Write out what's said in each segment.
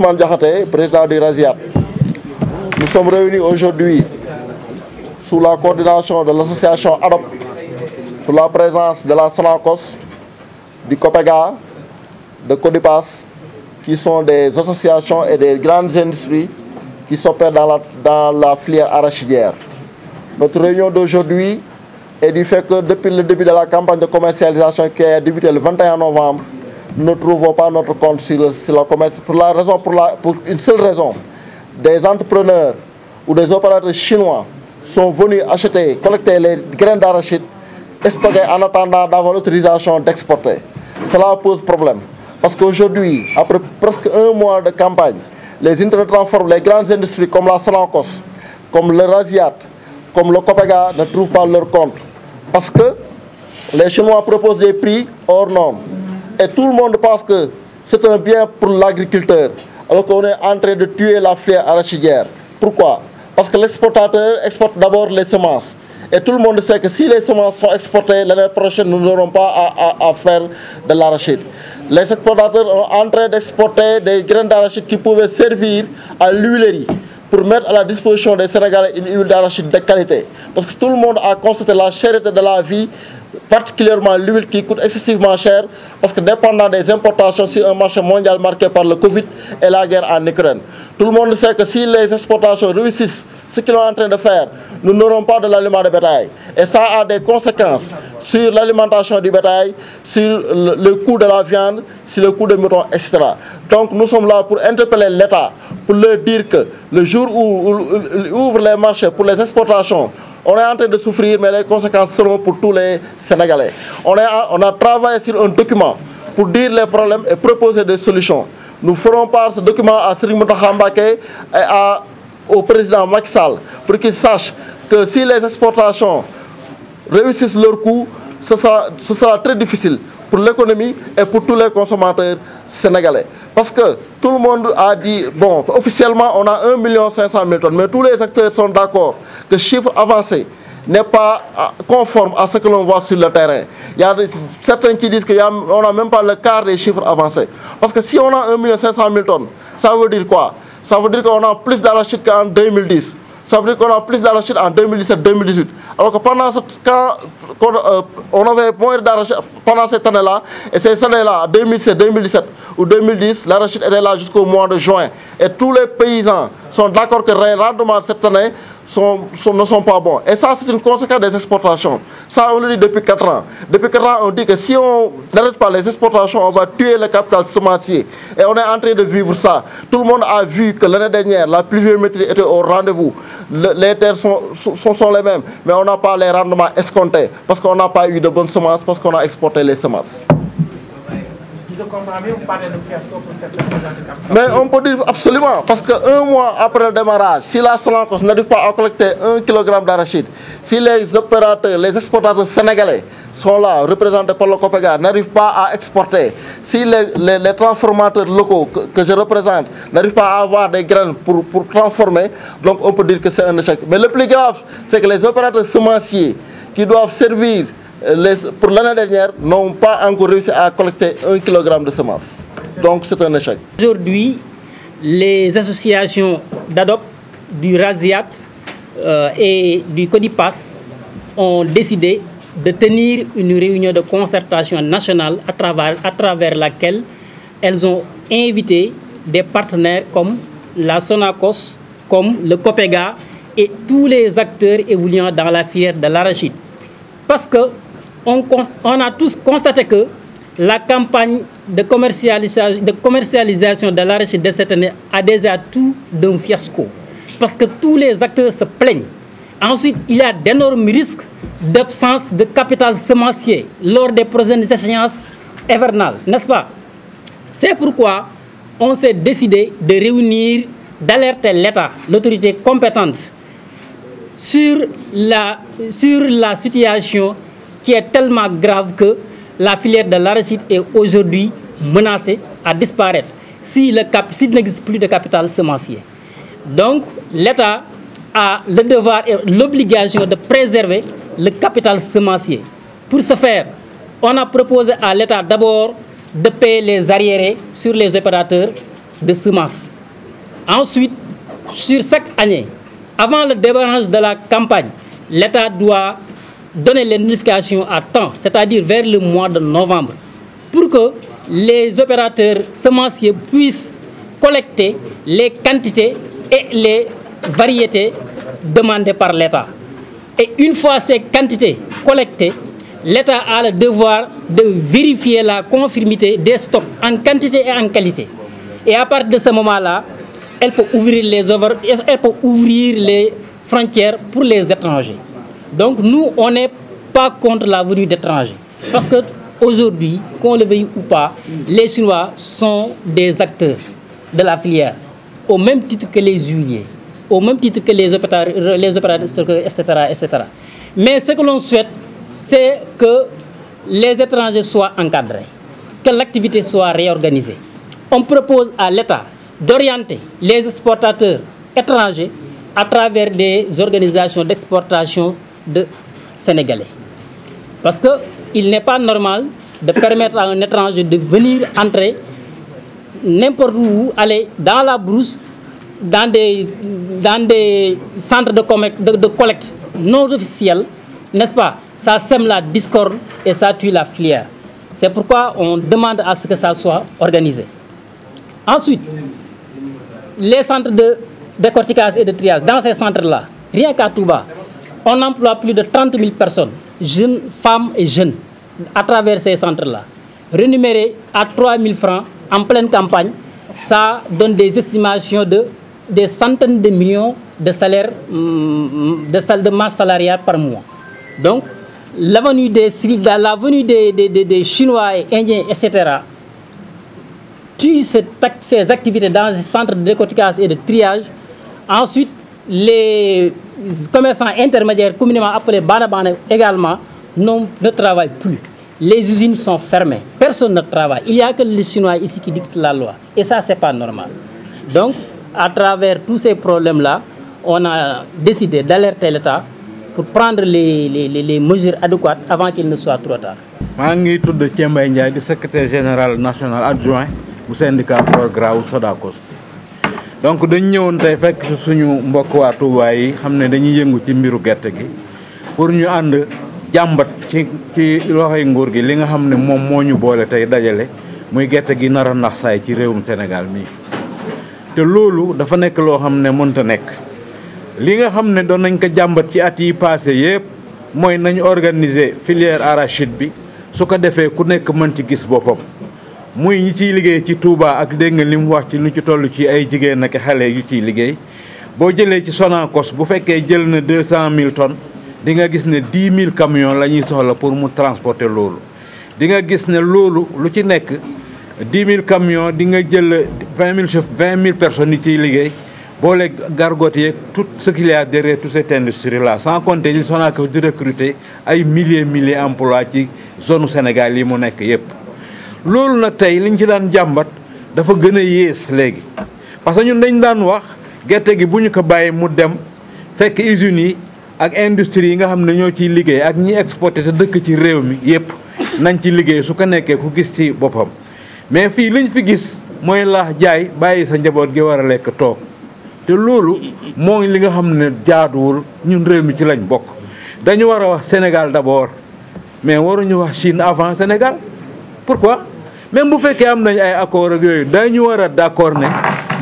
Ousmane Diakhaté, président du RASIAT. Nous sommes réunis aujourd'hui sous la coordination de l'association ADOP, sous la présence de la Sonacos, du COPEGA, de CODIPAS, qui sont des associations et des grandes industries qui s'opèrent dans la, dans la filière arachidière. Notre réunion d'aujourd'hui est du fait que depuis le début de la campagne de commercialisation qui a débuté le novembre, ne trouvons pas notre compte sur le, sur le commerce pour, la raison, pour, la, pour une seule raison. Des entrepreneurs ou des opérateurs chinois sont venus acheter, collecter les graines d'arachide stockées en attendant d'avoir l'autorisation d'exporter. Cela pose problème parce qu'aujourd'hui, après presque un mois de campagne, les intertransformes, les grandes industries comme la Sanacos, comme l'Eurasiat, comme le Copega ne trouvent pas leur compte parce que les Chinois proposent des prix Et tout le monde pense que c'est un bien pour l'agriculteur, alors qu'on est en train de tuer la filière arachidière. Pourquoi Parce que l'exportateur exporte d'abord les semences. Et tout le monde sait que si les semences sont exportées, l'année prochaine, nous n'aurons pas à, à, à, faire de l'arachide. Les exportateurs sont en d'exporter des graines d'arachide qui pouvaient servir à l'huilerie pour mettre à la disposition des Sénégalais une huile d'arachide de qualité. Parce que tout le monde vie particulièrement l'huile qui coûte excessivement cher parce que dépendant des importations sur un marché mondial marqué par le Covid et la guerre en Ukraine. Tout le monde sait que si les exportations réussissent, ce qu'ils sont en train de faire, nous n'aurons pas de l'aliment de bétail. Et ça a des conséquences sur l'alimentation du bétail, sur le, le, coût de la viande, sur le coût de mouton, etc. Donc nous sommes là pour interpeller l'État, pour leur dire le jour où, ouvre les marchés pour les exportations, On est en train de souffrir, mais les conséquences seront pour tous les Sénégalais. On, est, a travaillé sur un document pour dire les problèmes et proposer des solutions. Nous ferons part ce document à Sri Moutahambake et à, au président Macky Sall pour qu'il sache que si les exportations réussissent leur coût, ce sera, ce sera très difficile pour l'économie et pour tous les consommateurs sénégalais. Parce que tout le monde a dit, bon, officiellement on a 1 500 000 tonnes, mais tous les acteurs sont d'accord que le chiffre n'est pas ah, conforme à ce que l'on voit sur le terrain. Il y a certains qui disent qu'on n'a même pas le quart des chiffres avancés. Parce que si on a 1 500 000 tonnes, ça veut dire quoi Ça veut dire qu'on a plus d'arachides qu'en 2010. Ça veut dire Alors que pendant ce temps, euh, on avait moins ou 2010, l'arachide était là jusqu'au mois de juin. Et tous les paysans sont d'accord que les rendements de cette année sont, sont, ne sont pas bons. Et ça, c'est une conséquence des exportations. Ça, on le dit depuis 4 ans. Depuis 4 ans, on dit que si on n'arrête pas les exportations, on va tuer le capital semencier. Et on est en train de vivre ça. Tout le monde a vu que l'année dernière, la pluviométrie était au rendez-vous. les terres sont, n'a pas parce qu'on n'a pas eu de bonnes semences, parce je comprends bien, vous parlez de fiasco pour certains Mais on peut dire absolument, parce qu'un mois après le démarrage, si la Solancos n'arrive pas à collecter un kilogramme d'arachide, si les opérateurs, les exportateurs sénégalais sont là, représentés par le COPEGA, n'arrivent pas à exporter, si les, les, les transformateurs locaux que, je représente n'arrivent pas à avoir des graines pour, pour transformer, donc on peut dire que c'est un échec. Mais le plus grave, c'est que les opérateurs semenciers qui doivent servir les, pour l'année dernière, n'ont pas encore réussi à collecter un kilogramme de semences. Donc c'est un échec. Aujourd'hui, les associations d'ADOP, du RASIAT euh, et du CODIPAS ont décidé de tenir une réunion de concertation nationale à travers, à travers laquelle elles ont invité des partenaires comme la Sonacos, comme le COPEGA et tous les acteurs évoluant dans la filière de l'arachide. Parce que on, on a tous constaté que la campagne de commercialisation, de commercialisation de l'arachide de cette année a déjà tout d'un fiasco. Parce que tous les acteurs se plaignent. Ensuite, il y a d'énormes risques d'absence de capital semencier lors des prochaines échéances hivernales, n'est-ce pas C'est pourquoi on s'est décidé de réunir, d'alerter l'État, l'autorité compétente, sur la, sur la situation qui est tellement grave que la filière de l'arachide est aujourd'hui menacée à disparaître si le cap, s'il n'existe plus de capital semencier. Donc l'État a le devoir et l'obligation de préserver le capital semencier. Pour ce faire, on a proposé à l'État d'abord de payer les arriérés sur les opérateurs de semences. Ensuite, sur chaque année, avant le démarrage de la campagne, l'État doit donner les notifications à temps, c'est-à-dire vers le mois de novembre, pour que les opérateurs semenciers puissent collecter les quantités et les variétés demandées par l'État. Et une fois ces quantités collectées, l'État a le devoir de vérifier la confirmité des stocks en quantité et en qualité. Et à partir de ce moment-là, elle peut ouvrir les, œuvres, elle peut ouvrir les frontières pour les étrangers. Donc nous, on n'est pas contre la venue d'étrangers. Parce que aujourd'hui, qu'on le veuille ou pas, les Chinois sont des acteurs de la filière, au même titre que les huiliers, au même titre que les opérateurs, les opérateurs etc., etc. Mais ce que l'on souhaite, c'est que les étrangers soient encadrés, que l'activité soit réorganisée. On propose à l'État d'orienter les exportateurs étrangers à travers des organisations d'exportation de Sénégalais. Parce qu'il n'est pas normal de permettre à un étranger de venir entrer n'importe où, aller dans la brousse, dans des, dans des centres de, collecte, de, de collecte non officiels, n'est-ce pas Ça sème la discorde et ça tue la filière. C'est pourquoi on demande à ce que ça soit organisé. Ensuite, les centres de décortiquage et de triage, dans ces centres-là, rien qu'à Touba, on emploie plus de 30 000 personnes, jeunes, femmes et jeunes, à travers ces centres-là. Rémunérés à 3 000 francs en pleine campagne, ça donne des estimations de des centaines de millions de salaires, mm, de salles de masse salariale par mois. Donc, la venue des, la venue des, des, des, des, Chinois et Indiens, etc., tue ces activités dans les centre de décortiquage et de triage. Ensuite, les commerçants intermédiaires communément appelés banabana également non, ne travaillent plus. Les usines sont fermées. Personne ne travaille. Il n'y a que les Chinois ici qui dictent la loi. Et ça, ce n'est pas normal. Donc, à travers tous ces problèmes-là, on a décidé le l'État pour prendre les, les, les, mesures adéquates avant qu'il ne soit trop tard. Je suis secrétaire général national adjoint au syndicat Progrès Sodakos. donc dañ ñëwoon tey fekk si suñu mbokk waa Touba yi xam ne dañuy yëngu ci mbiru gerte gi pour ñu ànd jàmbat ci ci loxo yi nguur gi li nga xam ne moom moo ñu boole tey dajale muy gerte gi nar a ndax saay ci réewum Sénégal mii te loolu dafa nekk loo xam ne mënta nekk li nga xam ne doon nañ ko jàmbat ci at yi passé yëpp mooy nañu organiser filière arachide bi su ko defee ku nekk mën ci gis boppam muy ñi ciy liggéey ci Touba ak dégg nga li mu wax ci lu ci toll ci ay jigéen ak xale yu ciy liggéey boo jëlee ci Sonacos bu fekkee jël na deux cent mille tonnes di nga gis ne dix mille camions la ñuy soxla pour mu transporter loolu. di nga gis ne loolu lu ci nekk dix mille camions di nga jël vingt mille chef vingt mille personnes yi ciy liggéey boole gargot yeeg tout ce qu'il y a derrière toute cette industrie là sans di recruter ay milliers milliers emplois ci zone Sénégal yi mu nekk yëpp. loolu nag tey li liñ ci daan jàmbat dafa gën a yées léegi parce que ñun dañ daan wax gerte gi bu ñu ko bàyyi mu dem fekk usines yi ak industrie yi nga xam ne ñoo ciy liggéey ak ñi exporté te dëkk ci réew mi yépp nañ ci liggéey su ko nekkee ku gis ci boppam mais fii li liñ fi gis mooy laax jaay bàyyi sa njaboot gi war a lekk toog te loolu moo ngi li nga xam ne jaaduwul ñun réew mi ci lañ bokk dañu war a wax Sénégal d'abord mais waruñu wax Chine avant Sénégal même bu fekkee am nañ ay accord ak yooyu dañu war a d'accord ne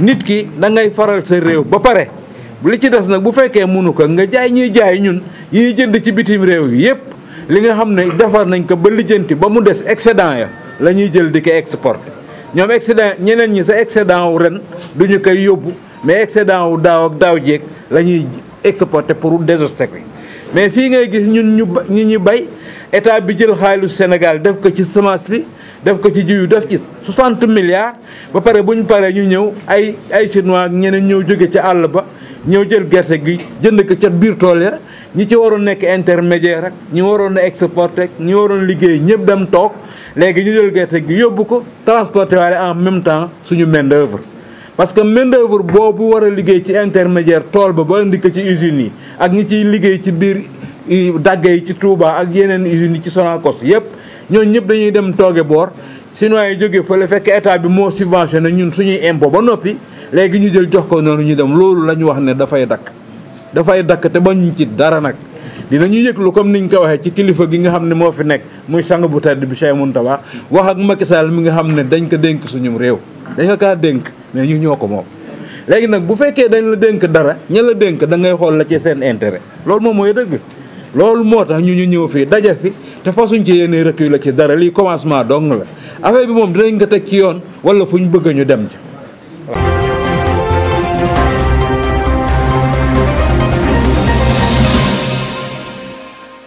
nit ki da ngay faral sa réew ba pare li ci des nag bu fekkee munu ko nga jaay ñuy jaay ñun yi jënd ci bitim réew yi yépp li nga xam ne defar nañ ko ba lijjanti ba mu des excédent ya la ñuy jël di ko exporter ñoom excédent ñeneen ñi sa excédent wu ren du ñu koy yóbbu mais excédent wu daaw ak daaw jeeg la ñuy exporter pour désoste bi mais fii ngay gis ñun ñu ñi ñu bay état bi jël xaalisu Sénégal def ko ci semence bi def ko ci jiw def ci 60 milliards ba pare bu ñu paree ñu ñëw ay ay chinois ñeneen ñëw jóge ci àll ba ñëw jël gerte gi jënd ko ca biir tool ya ñi ci waroon nekk intermédiaire ak ñi waroon a exporter ak ñi waroon liggéey ñëpp dem toog léegi ñu jël gerte gi yóbbu ko transporter waale en même temps suñu main parce que main d'œuvre boobu war a liggéey ci intermédiaire tool ba ba indi ko ci usines yi ak ñi ciy liggéey ci biir dagge yi ci Touba ak yeneen usines yi ci Sonacos yëpp ñooñu ñëpp dañuy dem tooge boor chinois yi jógee fële fekk état bi moo subventionné ñun suñuy impôt ba noppi léegi ñu jël jox ko noonu ñu dem loolu la ñu wax ne dafay dakk dafay dakk te ba ñu ci dara nag dina dinañu yëglu comme ni ñu ko waxee ci kilifa gi nga xam ne moo fi nekk muy sang bu tedd bi Cheikh Mountakha wax ak Macky Sall mi nga xam ne dañ ko dénk suñum réew dañ kaa dénk mais ñu ñoo ko moom léegi nag bu fekkee dañ la dénk dara ña la dénk da ngay xool la ci seen intérêt loolu moom mooy dëgg loolu moo tax ñu ñu ñëw fii daje fi te fasuñ ci yéene recul la ci dara lii commencement dong la affaire bi moom dinañ ko teg ci yoon wala fu ñu bëgg ñu dem ci